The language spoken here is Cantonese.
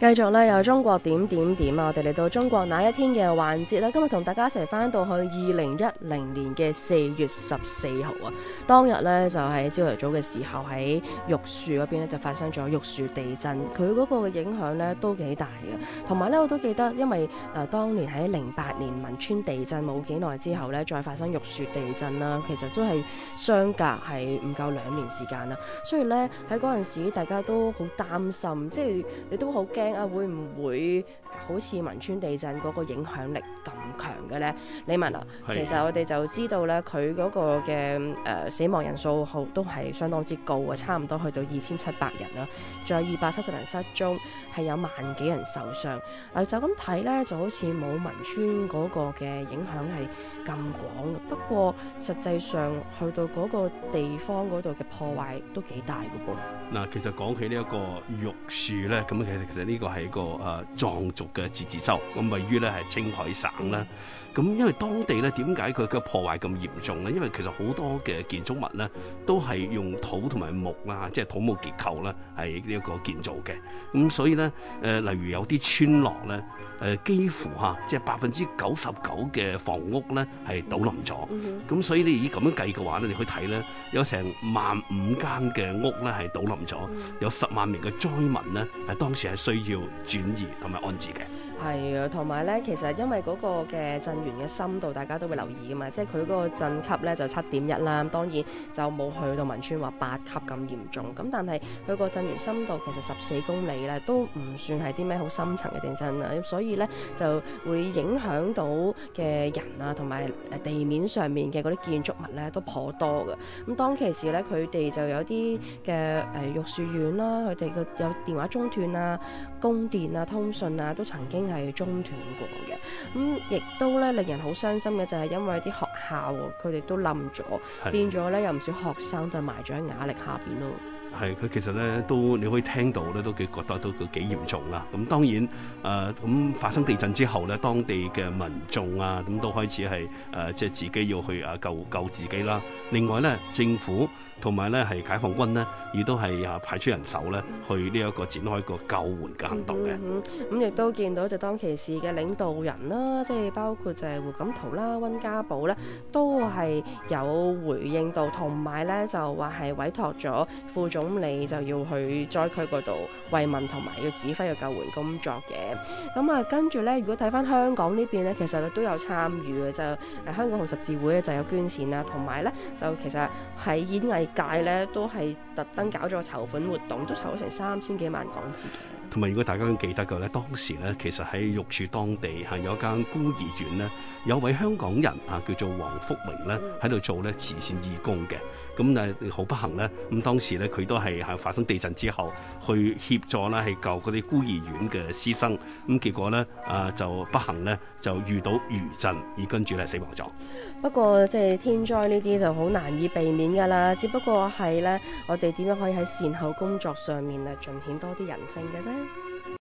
繼續咧，有中國點點點啊！我哋嚟到中國那一天嘅環節咧，今日同大家一齊返到去二零一零年嘅四月十四號啊！當日呢，就喺朝頭早嘅時候喺玉樹嗰邊咧就發生咗玉樹地震，佢嗰個嘅影響呢，都幾大嘅。同埋呢，我都記得，因為誒當年喺零八年汶川地震冇幾耐之後呢，再發生玉樹地震啦，其實都係相隔係唔夠兩年時間啦，所以呢，喺嗰陣時大家都好擔心，即係你都好驚。啊，會唔會好似汶川地震嗰個影響力咁強嘅咧？李文啊，其實我哋就知道咧，佢嗰個嘅誒、呃、死亡人數好都係相當之高啊，差唔多去到二千七百人啦，仲有二百七十人失蹤，係有萬幾人受傷。嗱，就咁睇咧，就好似冇汶川嗰個嘅影響係咁廣嘅。不過實際上去到嗰個地方嗰度嘅破壞都幾大嘅噃。嗱，其實講起呢一個玉樹咧，咁其實其實呢。呢個係一個誒藏、啊、族嘅自治州，咁位於咧係青海省啦。咁、嗯、因為當地咧，點解佢嘅破壞咁嚴重咧？因為其實好多嘅建築物咧，都係用土同埋木啦、啊，即係土木結構咧係呢一個建造嘅。咁、嗯、所以咧，誒、呃、例如有啲村落咧，誒、呃、幾乎吓，即係百分之九十九嘅房屋咧係倒冧咗。咁、mm hmm. 嗯、所以你以咁樣計嘅話咧，你去睇咧，有成萬五間嘅屋咧係倒冧咗，mm hmm. 有十萬名嘅災民咧，係當時係需。要轉移同埋安置嘅，係啊，同埋咧，其實因為嗰個嘅震源嘅深度，大家都會留意㗎嘛，即係佢嗰個震級咧就七點一啦，當然就冇去到汶川話八級咁嚴重，咁但係佢個震源深度其實十四公里咧，都唔算係啲咩好深層嘅地震啊，咁所以咧就會影響到嘅人啊，同埋誒地面上面嘅嗰啲建築物咧都頗多嘅。咁當其時咧，佢哋就有啲嘅誒玉樹縣啦、啊，佢哋個有電話中斷啊。供電啊、通訊啊，都曾經係中斷過嘅。咁、嗯、亦都咧，令人好傷心嘅就係、是、因為啲學校佢哋都冧咗，的變咗咧，有唔少學生就埋咗喺壓力下邊咯。係佢其實咧，都你可以聽到咧，都幾覺得都幾嚴重啊咁、嗯、當然誒咁、呃嗯、發生地震之後咧，當地嘅民眾啊咁都開始係誒、呃、即係自己要去啊救救自己啦。另外咧，政府同埋咧係解放軍咧亦都係啊派出人手咧去呢一個展開個救援嘅行動嘅、嗯。嗯咁亦、嗯嗯、都見到就當其時嘅領導人啦，即係包括就係胡錦濤啦、溫家寶咧，都係有回應到，同埋咧就話係委託咗副總。總理就要去災區嗰度慰問同埋要指揮個救援工作嘅。咁啊，跟住咧，如果睇翻香港這邊呢邊咧，其實都有參與嘅，就誒香港紅十字會咧就有捐錢啦，同埋咧就其實喺演藝界咧都係特登搞咗個籌款活動，都籌咗成三千幾萬港紙嘅。同埋，如果大家記得嘅咧，當時咧其實喺玉樹當地嚇有一間孤兒院咧，有位香港人嚇、啊、叫做黃福榮咧喺度做咧慈善義工嘅。咁誒好不幸咧，咁當時咧佢。都係喺發生地震之後去協助咧，係救嗰啲孤兒院嘅師生，咁結果咧，啊就不幸咧就遇到餘震，而跟住咧死亡咗。不過即係天災呢啲就好難以避免噶啦，只不過係咧，我哋點樣可以喺善後工作上面啊，盡顯多啲人性嘅啫。